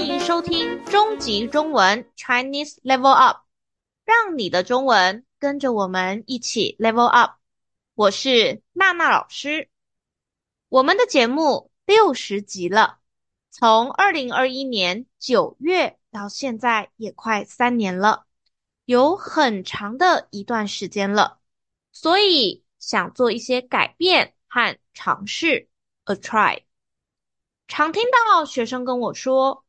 歡迎收聽終極中文 Chinese Level Up，讓你的中文跟着我們一起 Level Up。我是娜娜老師。我們的節目六十集了，從二零二一年九月到現在也快三年了，有很長的一段時間了，所以想做一些改變和嘗試。A try。常聽到學生跟我說。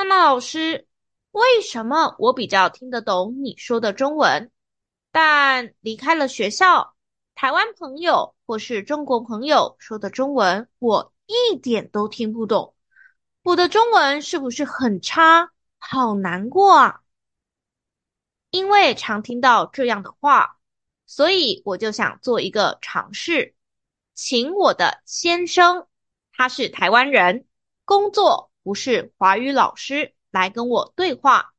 娜娜老師，為什麼我比較聽得懂你說的中文，但離開了學校，台灣朋友或是中國朋友說的中文，我一點都聽不懂？我的中文是不是很差？好難過啊！因為常聽到這樣的話，所以我就想做一個嘗試，請我的先生，他是台灣人，工作，不是華語老師來跟我對話，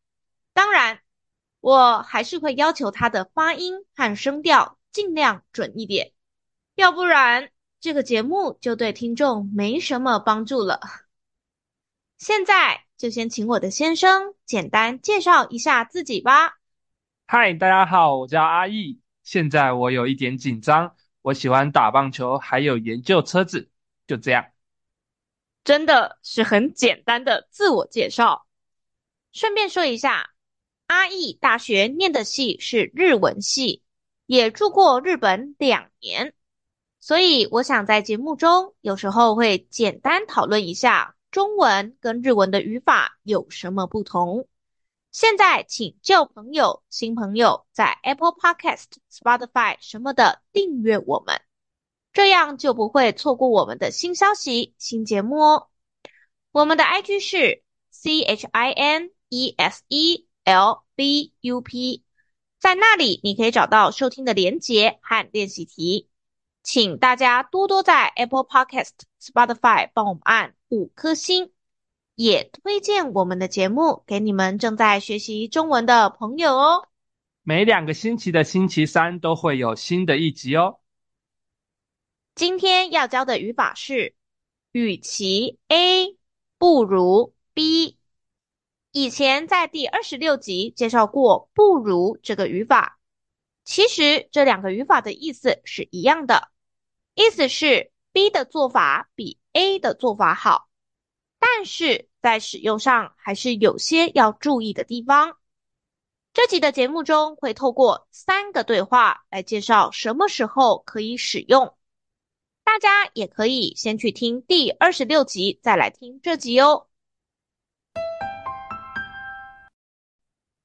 當然，我還是會要求他的發音和聲調盡量準一點，要不然這個節目就對聽眾沒什麼幫助了。現在就先請我的先生簡單介紹一下自己吧。嗨，大家好，我叫阿義，現在我有一點緊張。我喜歡打棒球，還有研究車子。就這樣。真的是很簡單的自我介紹。順便說一下，阿義大學念的系是日文系，也住過日本兩年。所以我想在節目中，有時候會簡單討論一下中文跟日文的語法有什麼不同。現在，請舊朋友、新朋友在 Apple Podcast、Spotify 什麼的訂閱我們。這樣就不會錯過我們的新消息、新節目哦。我們的 IG 是 C H I N E S E L B U P，在那裡你可以找到收聽的連結和練習題。請大家多多在 Apple Podcast、Spotify 幫我們按五顆星，也推薦我們的節目給你們正在學習中文的朋友哦。每兩個星期的星期三都會有新的一集哦。今天要教的語法是“與其 A 不如 B”。以前在第二十六集介紹過“不如”這個語法，其實這兩個語法的意思是一樣的，意思是 B 的做法比 A 的做法好，但是在使用上還是有些要注意的地方。這集的節目中會透過三個對話來介紹什麼時候可以使用。大家也可以先去聽第二十六集，再來聽這集哦。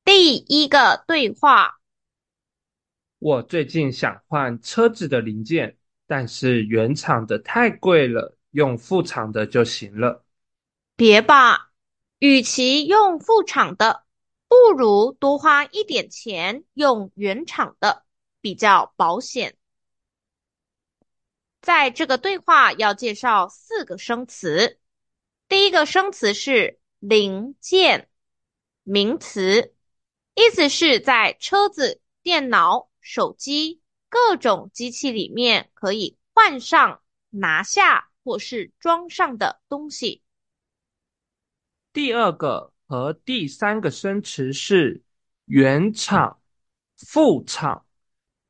第一個對話。我最近想換車子的零件，但是原廠的太貴了，用副廠的就行了。別吧，與其用副廠的，不如多花一點錢用原廠的，比較保險。在這個對話要介紹四個生詞，第一個生詞是零件，名詞，意思是在車子、電腦、手機、各種機器裡面可以換上、拿下或是裝上的東西。第二個和第三個生詞是原廠、副廠，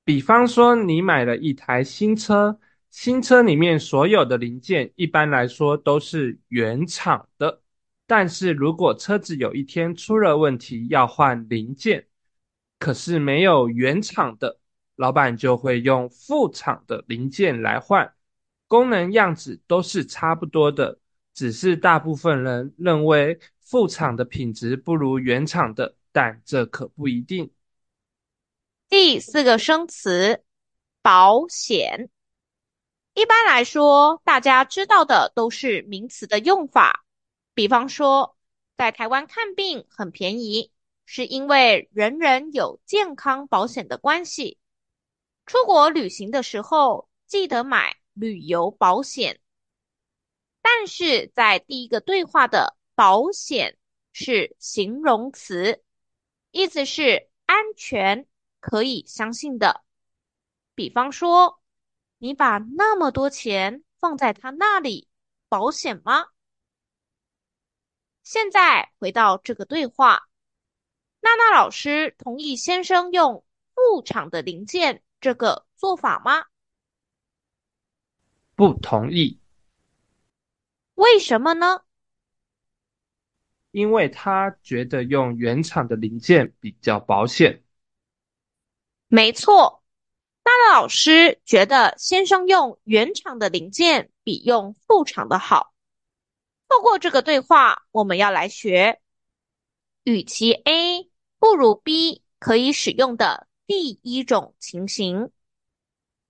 比方說你買了一台新車。新車裡面所有的零件，一般來說都是原廠的，但是如果車子有一天出了問題要換零件，可是沒有原廠的，老闆就會用副廠的零件來換，功能樣子都是差不多的，只是大部分人認為副廠的品質不如原廠的，但這可不一定。第四個生詞，保險。一般來說，大家知道的都是名詞的用法，比方說，在台灣看病很便宜，是因為人人有健康保險的關係。出國旅行的時候，記得買旅遊保險。但是在第一個對話的“保險”是形容詞，意思是安全、可以相信的。比方說。你把那麼多錢放在他那裡保險嗎？現在回到這個對話，娜娜老師同意先生用副廠的零件這個做法嗎？不同意。為什麼呢？因為他覺得用原廠的零件比較保險。沒錯。娜娜老師覺得先生用原廠的零件比用副廠的好。透過這個對話，我們要來學“與其 A 不如 B” 可以使用的第一種情形，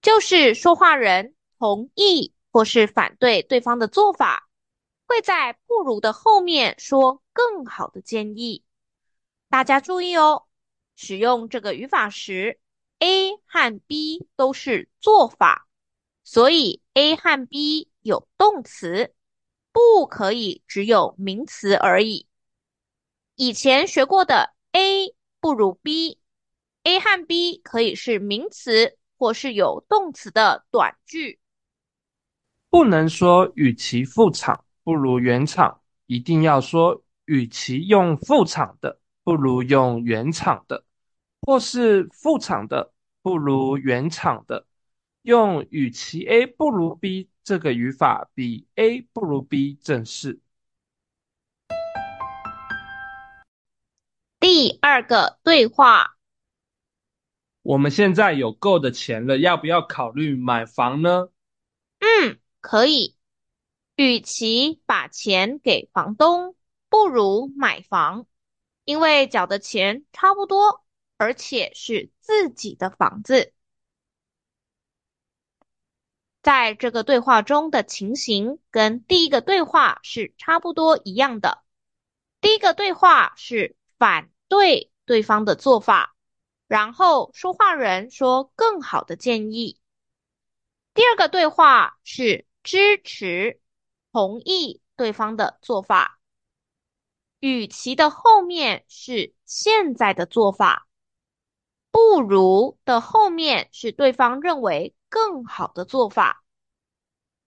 就是說話人同意或是反對對方的做法，會在“不如”的後面說更好的建議。大家注意哦，使用這個語法時。A 和 B 都是做法，所以 A 和 B 有動詞，不可以只有名詞而已。以前學過的 A 不如 B，A 和 B 可以是名詞或是有動詞的短句。不能說，與其副廠不如原廠，一定要說，與其用副廠的不如用原廠的。或是副廠的不如原廠的，用“與其 A 不如 B” 這個語法比 “A 不如 B” 正式。第二個對話，我們現在有夠的錢了，要不要考慮買房呢？嗯，可以。與其把錢給房東，不如買房，因為繳的錢差不多。而且是自己的房子，在這個對話中的情形跟第一個對話是差不多一樣的。第一個對話是反對對方的做法，然後說話人說更好的建議。第二個對話是支持、同意對方的做法，與其的後面是現在的做法。不如的後面是對方認為更好的做法。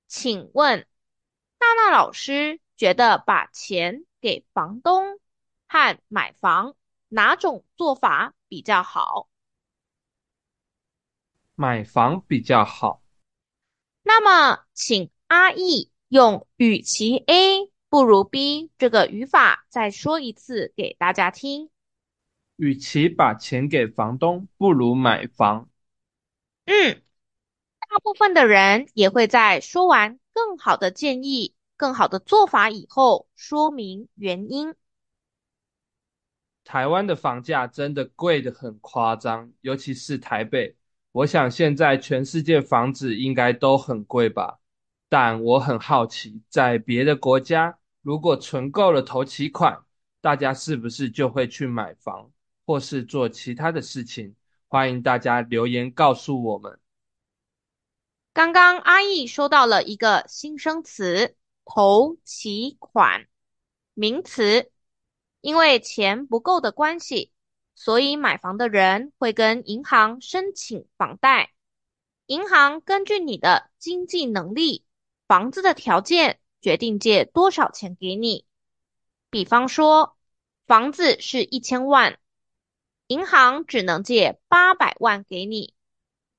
請問娜娜老師覺得把錢給房東和買房哪種做法比較好？買房比較好。那麼，請阿義用“與其 A 不如 B” 這個語法再說一次給大家聽。與其把錢給房東，不如買房。嗯，大部分的人也會在說完更好的建議、更好的做法以後，說明原因。台灣的房價真的貴得很誇張，尤其是台北。我想現在全世界房子應該都很貴吧？但我很好奇，在別的國家，如果存夠了頭期款，大家是不是就會去買房？或是做其他的事情，歡迎大家留言告訴我們。剛剛阿義收到了一個新生詞“頭期款”，名詞。因為錢不夠的關係，所以買房的人會跟銀行申請房貸。銀行根據你的經濟能力、房子的條件，決定借多少錢給你。比方說，房子是一千萬。銀行只能借八百萬給你，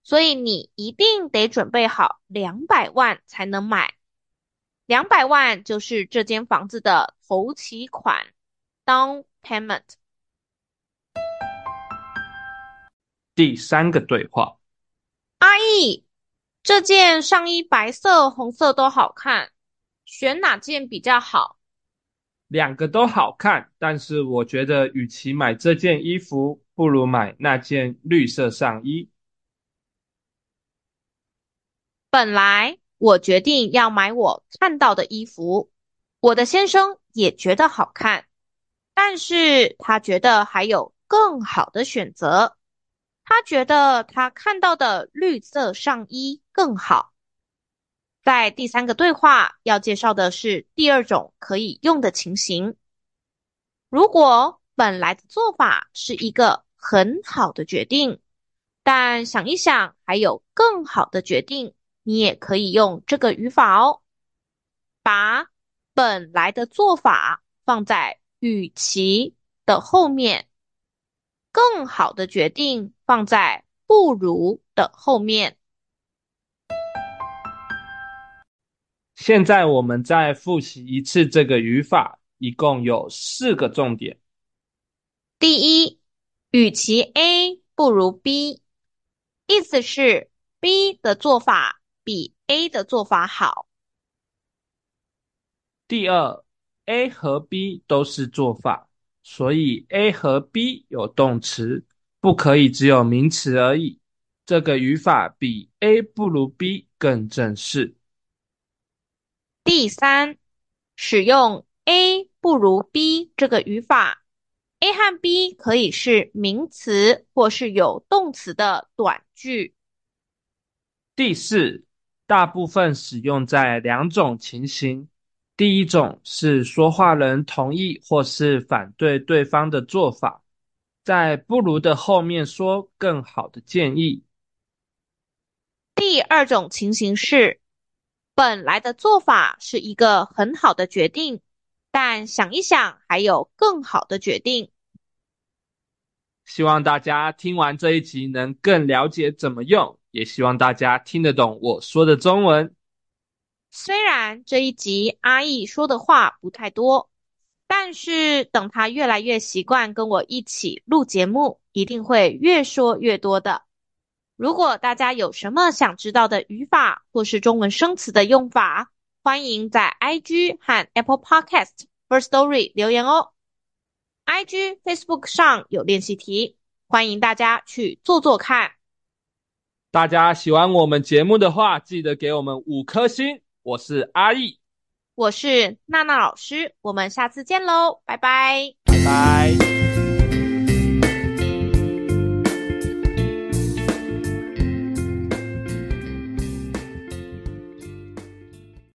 所以你一定得準備好兩百萬才能買。兩百萬就是這間房子的頭期款 d o payment）。第三個對話：阿姨，這件上衣白色、紅色都好看，選哪件比較好？兩個都好看，但是我覺得與其買這件衣服，不如買那件綠色上衣。本來我決定要買我看到的衣服，我的先生也覺得好看，但是他覺得還有更好的選擇。他覺得他看到的綠色上衣更好。在第三個對話要介紹的是第二種可以用的情形。如果本來的做法是一個很好的決定，但想一想還有更好的決定，你也可以用這個語法哦。把本來的做法放在“與其”的後面，更好的決定放在“不如”的後面。現在我們再複習一次這個語法，一共有四個重點。第一，與其 A 不如 B，意思是 B 的做法比 A 的做法好。第二，A 和 B 都是做法，所以 A 和 B 有動詞，不可以只有名詞而已。這個語法比 A 不如 B 更正式。第三，使用 A 不如 B 這個語法，A 和 B 可以是名詞或是有動詞的短句。第四，大部分使用在兩種情形：第一種是說話人同意或是反對對方的做法，在不如的後面說更好的建議；第二種情形是。本來的做法是一個很好的決定，但想一想還有更好的決定。希望大家聽完這一集能更了解怎麼用，也希望大家聽得懂我說的中文。雖然這一集阿義說的話不太多，但是等他越來越習慣跟我一起錄節目，一定會越說越多的。如果大家有什麼想知道的語法或是中文生詞的用法，歡迎在 IG 和 Apple Podcast Firstory 留言哦。IG Facebook 上有練習題，歡迎大家去做做看。大家喜歡我們節目的話，記得給我們五顆星。我是阿義，我是娜娜老師，我們下次見嘍，拜拜，拜拜。